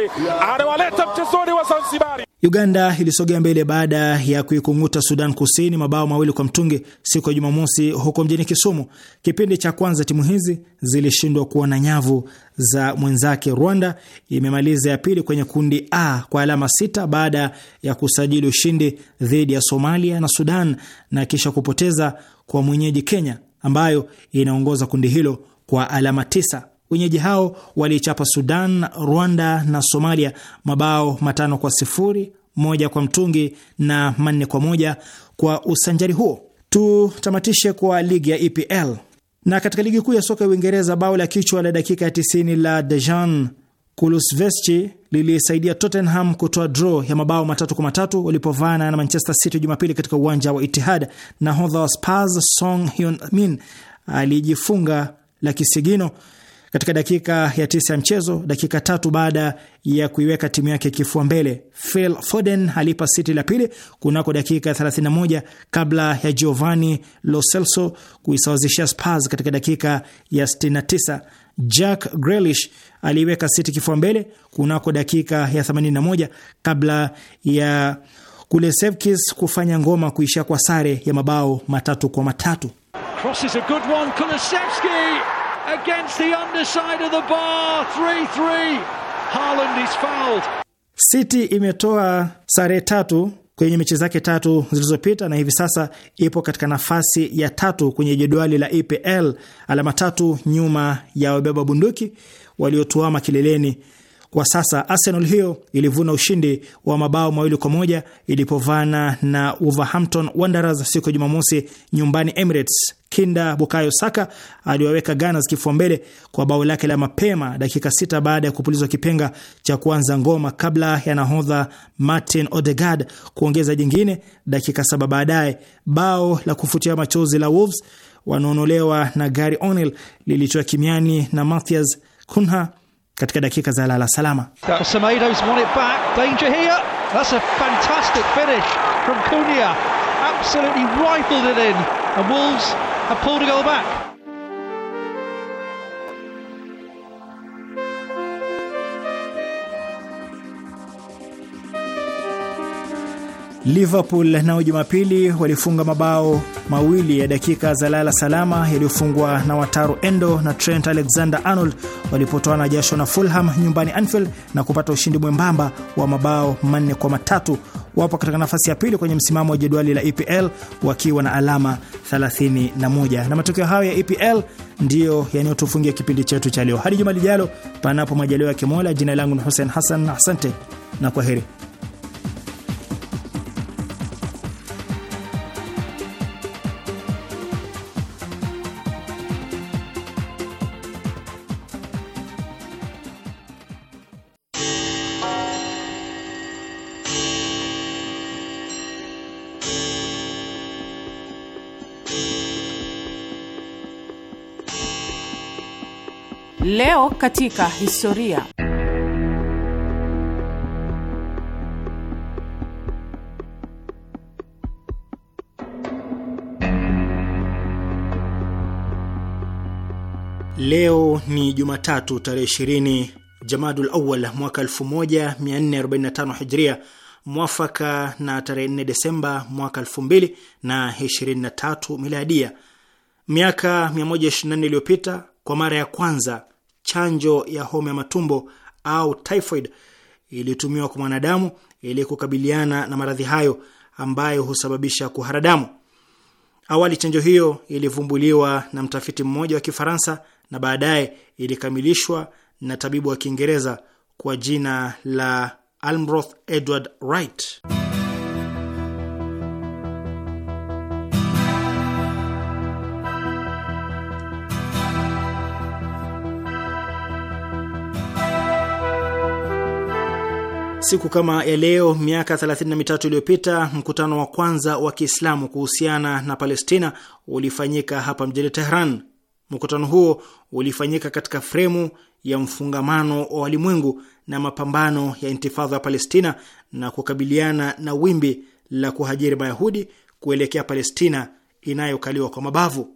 anawaleta mchezoni wa Zanzibari. Uganda ilisogea mbele baada ya kuikung'uta Sudan Kusini mabao mawili kwa mtungi siku ya Jumamosi huko mjini Kisumu. Kipindi cha kwanza timu hizi zilishindwa kuona nyavu za mwenzake. Rwanda imemaliza ya pili kwenye kundi A kwa alama sita baada ya kusajili ushindi dhidi ya Somalia na Sudan na kisha kupoteza kwa mwenyeji Kenya ambayo inaongoza kundi hilo kwa alama tisa. Wenyeji hao waliichapa Sudan, Rwanda na Somalia mabao matano kwa sifuri, moja kwa mtungi na manne kwa moja kwa usanjari huo. Tutamatishe kwa ligi ya EPL na katika ligi kuu ya soka ya Uingereza, bao la kichwa la dakika ya 90 la Dejan Kulusevski lilisaidia Tottenham kutoa draw ya mabao matatu kwa matatu walipovana na Manchester City Jumapili katika uwanja wa Itihad. Nahodha wa Spurs Song Hyun Min alijifunga la kisigino katika dakika ya tisa ya mchezo, dakika tatu baada ya kuiweka timu yake kifua mbele, Phil Foden alipa City la pili kunako dakika 31 kabla ya Giovanni Lo Celso kuisawazishia Spurs katika dakika ya 69. Jack Grealish aliiweka City kifua mbele kunako dakika ya 81 kabla ya Kulesevkis kufanya ngoma kuishia kwa sare ya mabao matatu kwa matatu against the underside of the bar 3-3. Haaland is fouled. City imetoa sare tatu kwenye mechi zake tatu zilizopita na hivi sasa ipo katika nafasi ya tatu kwenye jedwali la EPL, alama tatu nyuma ya wabeba bunduki waliotuama kileleni kwa sasa Arsenal hiyo ilivuna ushindi wa mabao mawili kwa moja ilipovana na Wolverhampton Wanderers siku ya Jumamosi nyumbani Emirates. Kinda Bukayo Saka aliwaweka Gunners kifua mbele kwa bao lake la mapema dakika sita baada ya kupulizwa kipenga cha kuanza ngoma kabla ya nahodha Martin Odegaard kuongeza jingine dakika saba baadaye. Bao la kufutia machozi la Wolves wanaonolewa na Gary onel lilitoa kimiani na Matthias Cunha katika dakika za lala salama. From Cunha, absolutely rifled it in, and Wolves have pulled a goal back. Liverpool nao Jumapili walifunga mabao mawili ya dakika za lala salama yaliyofungwa na Wataru Endo na Trent Alexander-Arnold na jasho na Fulham nyumbani Anfield na kupata ushindi mwembamba wa mabao manne kwa matatu. Wapo katika nafasi ya pili kwenye msimamo wa jedwali la EPL wakiwa na alama 31, na, na matokeo hayo ya EPL ndiyo yanayotufungia kipindi chetu cha leo. Hadi juma lijalo, panapo majaliwa ya Kimola. Jina langu ni Hussein Hassan, asante na kwa heri. Leo katika historia. Leo ni Jumatatu tarehe 20 Jamadul Awal mwaka 1445 Hijria, mwafaka na tarehe 4 Desemba mwaka 2023 Miladia. Miaka 124 iliyopita, kwa mara ya kwanza chanjo ya homa ya matumbo au typhoid iliyotumiwa kwa mwanadamu ili kukabiliana na maradhi hayo ambayo husababisha kuhara damu. Awali chanjo hiyo ilivumbuliwa na mtafiti mmoja wa Kifaransa na baadaye ilikamilishwa na tabibu wa Kiingereza kwa jina la Almroth Edward Wright. Siku kama ya leo miaka 33 iliyopita mkutano wa kwanza wa Kiislamu kuhusiana na Palestina ulifanyika hapa mjini Tehran. Mkutano huo ulifanyika katika fremu ya mfungamano wa walimwengu na mapambano ya intifadha ya Palestina na kukabiliana na wimbi la kuhajiri Mayahudi kuelekea Palestina inayokaliwa kwa mabavu.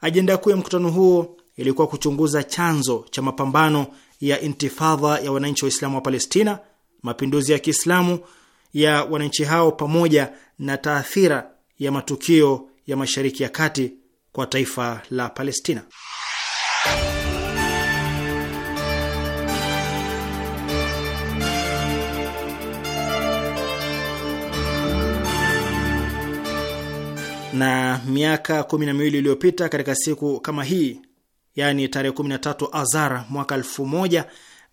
Ajenda kuu ya mkutano huo ilikuwa kuchunguza chanzo cha mapambano ya intifadha ya wananchi Islamu wa Palestina mapinduzi ya Kiislamu ya wananchi hao pamoja na taathira ya matukio ya Mashariki ya Kati kwa taifa la Palestina. Na miaka kumi na miwili iliyopita katika siku kama hii, yaani tarehe 13 Azar mwaka elfu moja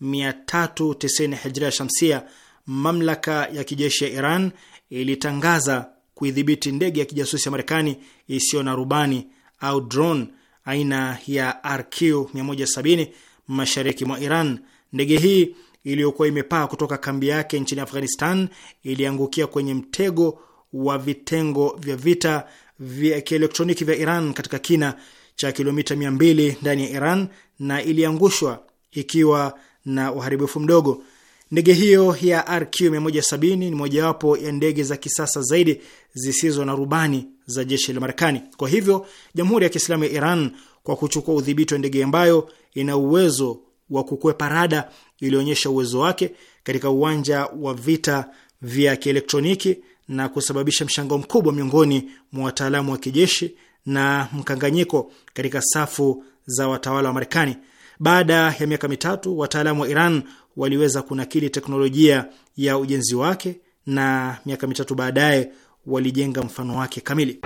390 hijria shamsia, mamlaka ya kijeshi ya Iran ilitangaza kuidhibiti ndege ya kijasusi ya Marekani isiyo na rubani au drone aina ya RQ 170 mashariki mwa Iran. Ndege hii iliyokuwa imepaa kutoka kambi yake nchini Afghanistan iliangukia kwenye mtego wa vitengo vya vita vya kielektroniki vya Iran katika kina cha kilomita 200 ndani ya Iran na iliangushwa ikiwa na uharibifu mdogo. Ndege hiyo ya RQ 170 ni mojawapo ya ndege za kisasa zaidi zisizo na rubani za jeshi la Marekani. Kwa hivyo, Jamhuri ya Kiislamu ya Iran kwa kuchukua udhibiti wa ndege ambayo ina uwezo wa kukwepa rada, ilionyesha uwezo wake katika uwanja wa vita vya kielektroniki na kusababisha mshango mkubwa miongoni mwa wataalamu wa kijeshi na mkanganyiko katika safu za watawala wa Marekani. Baada ya miaka mitatu, wataalamu wa Iran waliweza kunakili teknolojia ya ujenzi wake na miaka mitatu baadaye walijenga mfano wake kamili.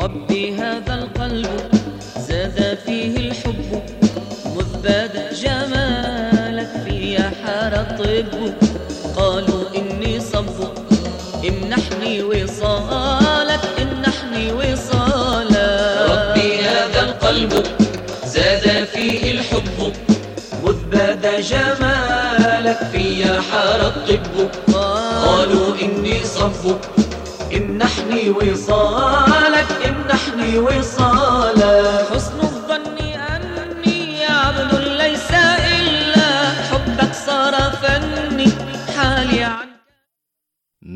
Rabbi hadha alqalb طب قالوا إني صب امنحني وصالك امنحني وصالك ربي هذا القلب زاد فيه الحب مذ جمالك في حار الطب قالوا إني صب امنحني وصالك امنحني وصالك حسن